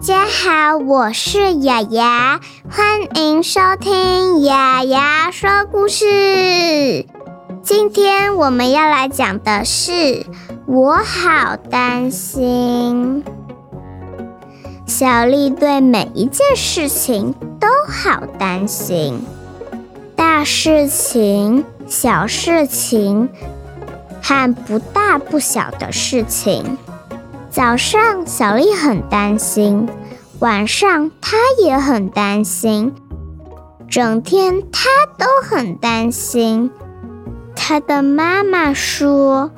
大家好，我是亞亞，歡迎收聽亞亞說故事。今天我們要來講的是，我好擔心。小莉對每一件事情都好擔心，大事情、小事情和不大不小的事情。早上，小莉很擔心；晚上，她也很擔心；整天，她都很擔心。她的媽媽說：“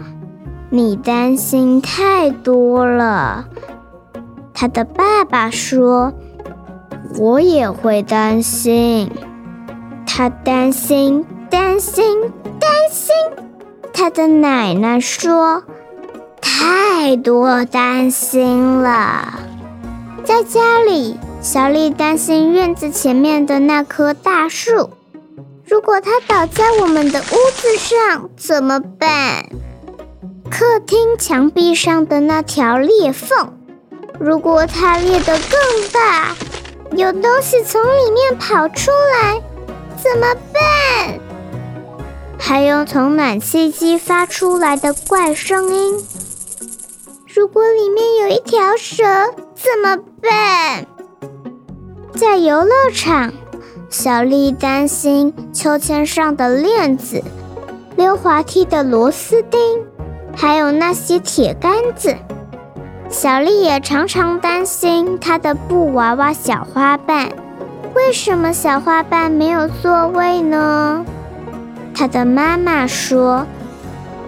你擔心太多了。”她的爸爸說：“我也會擔心。”她擔心，擔心，擔心。她的奶奶說，太多擔心了。在家裡，小莉擔心院子前面的那棵大樹，如果它倒在我們的屋子上怎麼辦？客廳牆壁上的那條裂縫，如果它裂得更大，有東西從裡面跑出來怎麼辦？還有從暖氣機發出來的怪聲音。如果裡面有一條蛇，怎麼辦？在遊樂場，小莉擔心秋千上的鏈子、溜滑梯的螺絲釘，還有那些鐵杆子。小莉也常常擔心她的布娃娃小花瓣。為什麼小花瓣沒有座位呢？她的媽媽說：“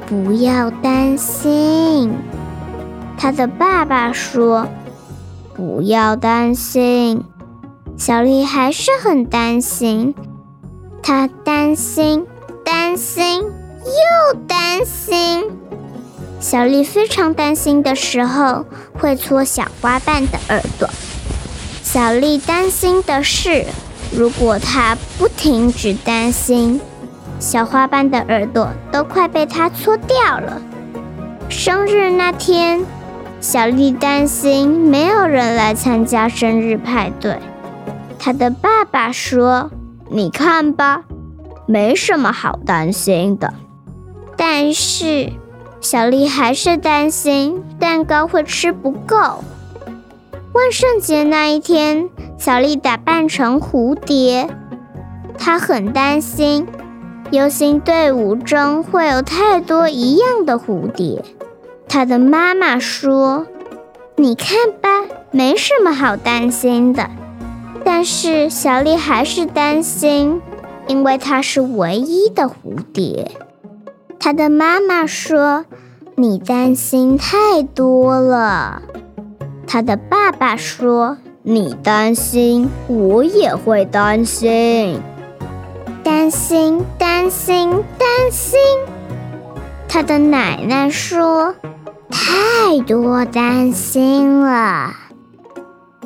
不要擔心。”他的爸爸說：“不要擔心。”小莉還是很擔心，她擔心、擔心又擔心。小莉非常擔心的時候，會搓小花瓣的耳朵。小莉擔心的是，如果她不停止擔心，小花瓣的耳朵都快被她搓掉了。生日那天，小麗擔心沒有人來參加生日派對，她的爸爸說：“你看吧，沒什麼好擔心的。”但是，小麗還是擔心蛋糕會吃不夠。萬聖節那一天，小麗打扮成蝴蝶，她很擔心遊行隊伍中會有太多一樣的蝴蝶。他的媽媽說：“你看吧，沒什麼好擔心的。”但是小莉還是擔心，因為她是唯一的蝴蝶。他的媽媽說：“你擔心太多了。”他的爸爸說：“你擔心，我也會擔心，擔心，擔心，擔心。”他的奶奶說。太多擔心了。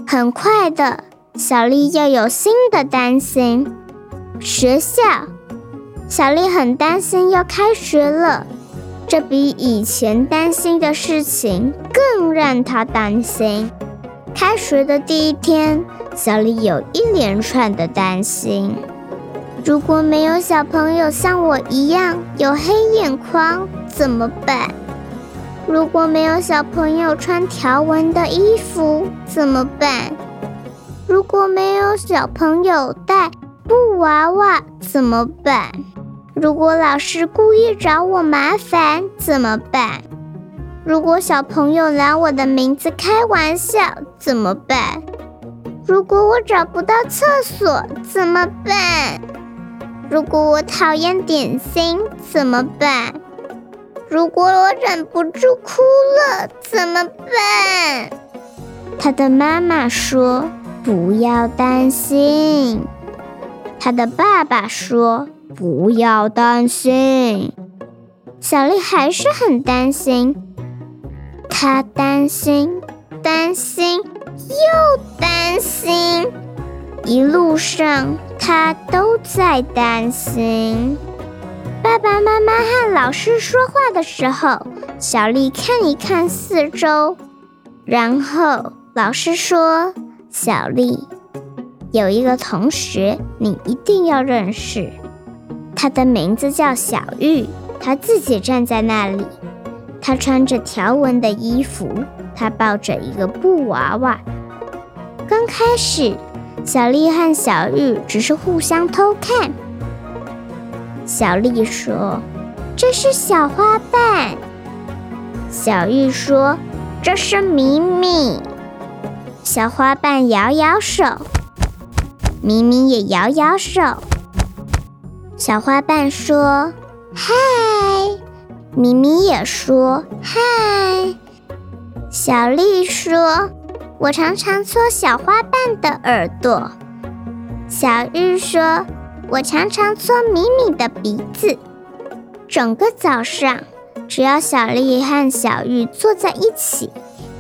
很快的，小麗又有新的擔心：學校。小麗很擔心要開學了，這比以前擔心的事情更讓她擔心。開學的第一天，小麗有一連串的擔心：如果沒有小朋友像我一樣有黑眼眶，怎麼辦？如果沒有小朋友穿條紋的衣服，怎麼辦？如果沒有小朋友帶布娃娃，怎麼辦？如果老師故意找我麻煩，怎麼辦？如果小朋友拿我的名字開玩笑，怎麼辦？如果我找不到廁所，怎麼辦？如果我討厭點心，怎麼辦？如果我忍不住哭了，怎麼辦？她的媽媽說：“不要擔心。”她的爸爸說：“不要擔心。”小莉還是很擔心，她擔心，擔心，又擔心。一路上，她都在擔心。爸爸媽媽和老師說話的時候，小莉看一看四周，然後老師說：“小莉，有一個同學你一定要認識，他的名字叫小玉。他自己站在那裡，他穿着條紋的衣服，他抱着一個布娃娃。剛開始，小莉和小玉只是互相偷看。”小莉說：“這是小花瓣。”小玉說：“這是咪咪。”小花瓣搖搖手，咪咪也搖搖手。小花瓣說：“嗨！”咪咪也說：“嗨！”小莉說：“我常常搓小花瓣的耳朵。”小玉說。我常常搓米米的鼻子。整個早上，只要小麗和小玉坐在一起，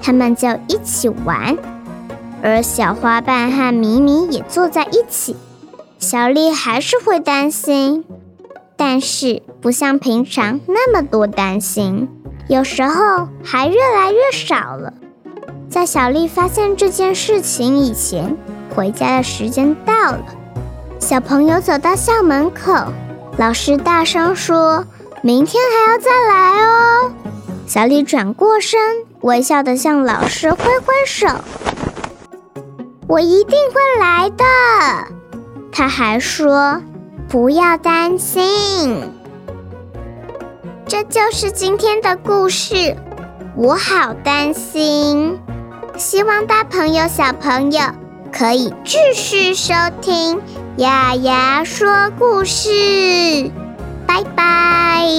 他們就一起玩。而小花瓣和米米也坐在一起，小麗還是會擔心，但是不像平常那麼多擔心，有時候還越來越少了。在小麗發現這件事情以前，回家的時間到了。小朋友走到校門口，老師大聲說：“明天還要再來哦。”小莉轉過身，微笑地向老師揮揮手：“我一定會來的。”他還說：“不要擔心。”這就是今天的故事。我好擔心，希望大朋友、小朋友可以繼續收聽。亞亞說故事，拜拜。